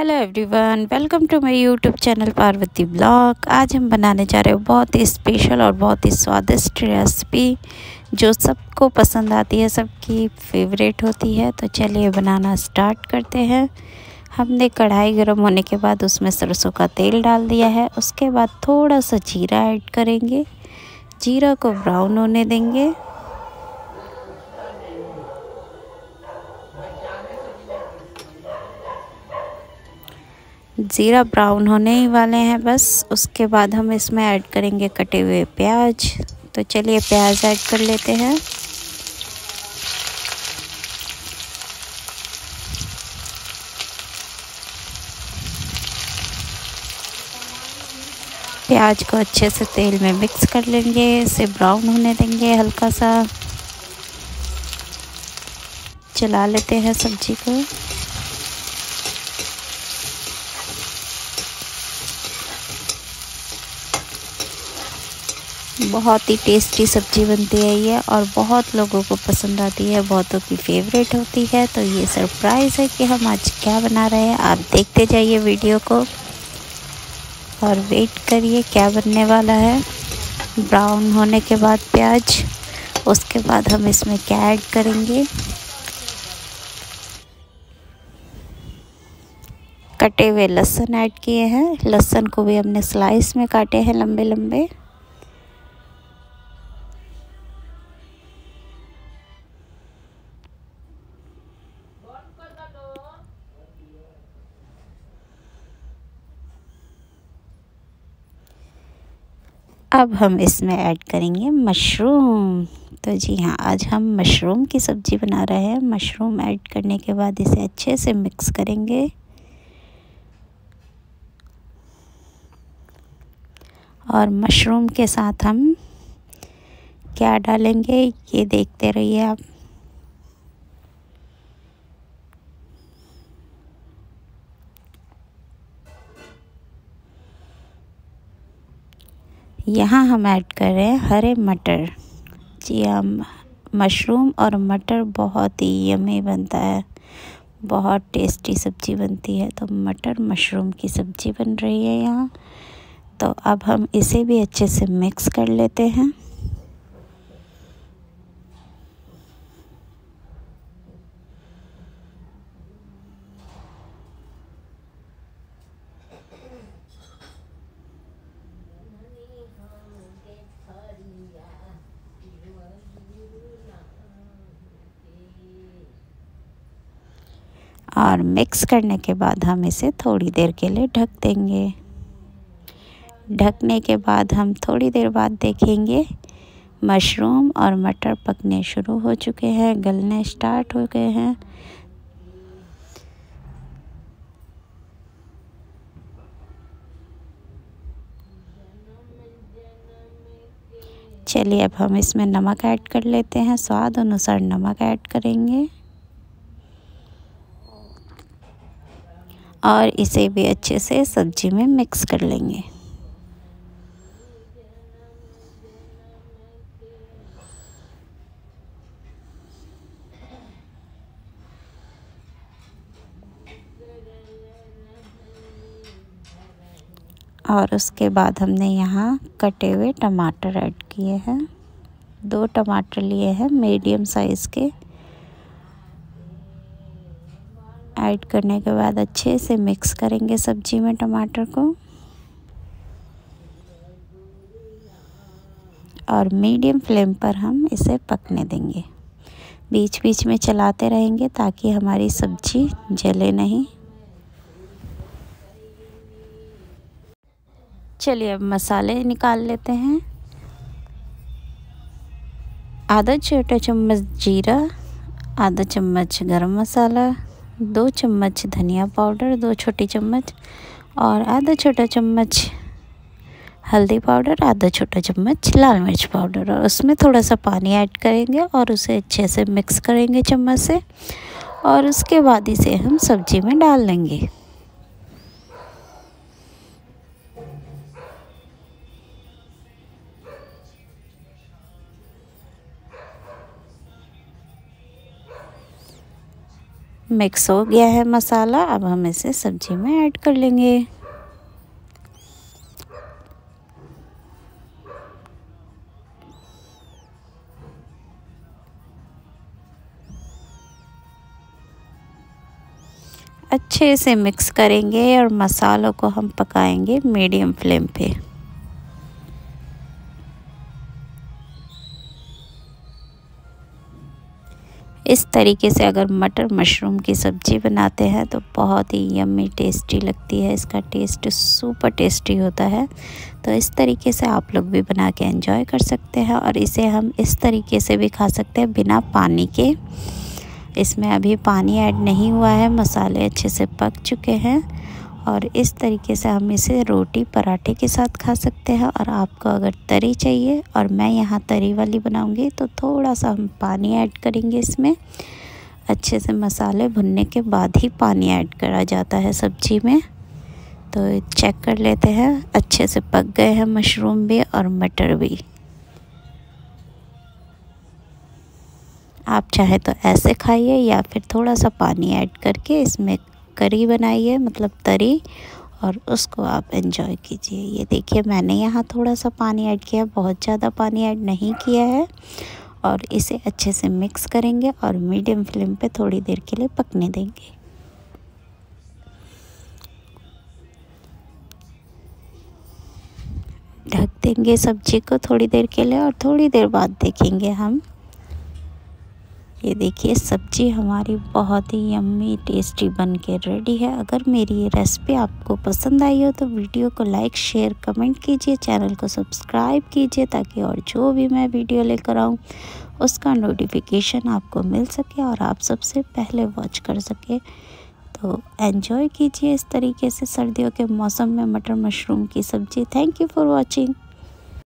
hello everyone welcome to my YouTube channel Parvati blog आज हम बनाने जा रहे हो बहुत ही स्पेशल और बहुत ही स्वादिष्ट रेसिपी जो सबको पसंद आती है सबकी फेवरेट होती है तो चलिए बनाना स्टार्ट करते हैं हमने कढ़ाई गर्म होने के बाद उसमें सरसों का तेल डाल दिया है उसके बाद थोड़ा सा जीरा ऐड करेंगे जीरा को ब्राउन होने देंगे ज़ीरा ब्राउन होने ही वाले हैं बस उसके बाद हम इसमें ऐड करेंगे कटे हुए प्याज तो चलिए प्याज ऐड कर लेते हैं प्याज को अच्छे से तेल में मिक्स कर लेंगे इसे ब्राउन होने देंगे हल्का सा चला लेते हैं सब्जी को बहुत ही टेस्टी सब्ज़ी बनती है ये और बहुत लोगों को पसंद आती है बहुतों की फेवरेट होती है तो ये सरप्राइज़ है कि हम आज क्या बना रहे हैं आप देखते जाइए वीडियो को और वेट करिए क्या बनने वाला है ब्राउन होने के बाद प्याज उसके बाद हम इसमें क्या ऐड करेंगे कटे हुए लहसुन ऐड किए हैं लहसुन को भी हमने स्लाइस में काटे हैं लंबे लंबे अब हम इसमें ऐड करेंगे मशरूम तो जी हाँ आज हम मशरूम की सब्ज़ी बना रहे हैं मशरूम ऐड करने के बाद इसे अच्छे से मिक्स करेंगे और मशरूम के साथ हम क्या डालेंगे ये देखते रहिए आप यहाँ हम ऐड कर रहे हैं हरे मटर जी हम हाँ, मशरूम और मटर बहुत ही यमी बनता है बहुत टेस्टी सब्ज़ी बनती है तो मटर मशरूम की सब्ज़ी बन रही है यहाँ तो अब हम इसे भी अच्छे से मिक्स कर लेते हैं और मिक्स करने के बाद हम इसे थोड़ी देर के लिए ढक देंगे ढकने के बाद हम थोड़ी देर बाद देखेंगे मशरूम और मटर पकने शुरू हो चुके हैं गलने स्टार्ट हो गए हैं चलिए अब हम इसमें नमक ऐड कर लेते हैं स्वाद अनुसार नमक ऐड करेंगे और इसे भी अच्छे से सब्जी में मिक्स कर लेंगे और उसके बाद हमने यहाँ कटे हुए टमाटर ऐड किए हैं दो टमाटर लिए हैं मीडियम साइज़ के ऐड करने के बाद अच्छे से मिक्स करेंगे सब्जी में टमाटर को और मीडियम फ्लेम पर हम इसे पकने देंगे बीच बीच में चलाते रहेंगे ताकि हमारी सब्जी जले नहीं चलिए अब मसाले निकाल लेते हैं आधा छोटा चम्मच जीरा आधा चम्मच गरम मसाला दो चम्मच धनिया पाउडर दो छोटी चम्मच और आधा छोटा चम्मच हल्दी पाउडर आधा छोटा चम्मच लाल मिर्च पाउडर और उसमें थोड़ा सा पानी ऐड करेंगे और उसे अच्छे से मिक्स करेंगे चम्मच से और उसके बाद इसे हम सब्जी में डाल लेंगे मिक्स हो गया है मसाला अब हम इसे सब्जी में ऐड कर लेंगे अच्छे से मिक्स करेंगे और मसालों को हम पकाएंगे मीडियम फ्लेम पे इस तरीके से अगर मटर मशरूम की सब्ज़ी बनाते हैं तो बहुत ही यम्मी टेस्टी लगती है इसका टेस्ट सुपर टेस्टी होता है तो इस तरीके से आप लोग भी बना के एंजॉय कर सकते हैं और इसे हम इस तरीके से भी खा सकते हैं बिना पानी के इसमें अभी पानी ऐड नहीं हुआ है मसाले अच्छे से पक चुके हैं और इस तरीके से हम इसे रोटी पराठे के साथ खा सकते हैं और आपको अगर तरी चाहिए और मैं यहाँ तरी वाली बनाऊँगी तो थोड़ा सा हम पानी ऐड करेंगे इसमें अच्छे से मसाले भुनने के बाद ही पानी ऐड करा जाता है सब्जी में तो चेक कर लेते हैं अच्छे से पक गए हैं मशरूम भी और मटर भी आप चाहे तो ऐसे खाइए या फिर थोड़ा सा पानी ऐड करके इसमें करी बनाई है मतलब तरी और उसको आप इन्जॉय कीजिए ये देखिए मैंने यहाँ थोड़ा सा पानी ऐड किया बहुत ज़्यादा पानी ऐड नहीं किया है और इसे अच्छे से मिक्स करेंगे और मीडियम फ्लेम पे थोड़ी देर के लिए पकने देंगे ढक देंगे सब्जी को थोड़ी देर के लिए और थोड़ी देर बाद देखेंगे हम ये देखिए सब्जी हमारी बहुत ही यम्मी टेस्टी बन के रेडी है अगर मेरी ये रेसिपी आपको पसंद आई हो तो वीडियो को लाइक शेयर कमेंट कीजिए चैनल को सब्सक्राइब कीजिए ताकि और जो भी मैं वीडियो लेकर आऊँ उसका नोटिफिकेशन आपको मिल सके और आप सबसे पहले वॉच कर सके तो एंजॉय कीजिए इस तरीके से सर्दियों के मौसम में मटर मशरूम की सब्ज़ी थैंक यू फॉर वॉचिंग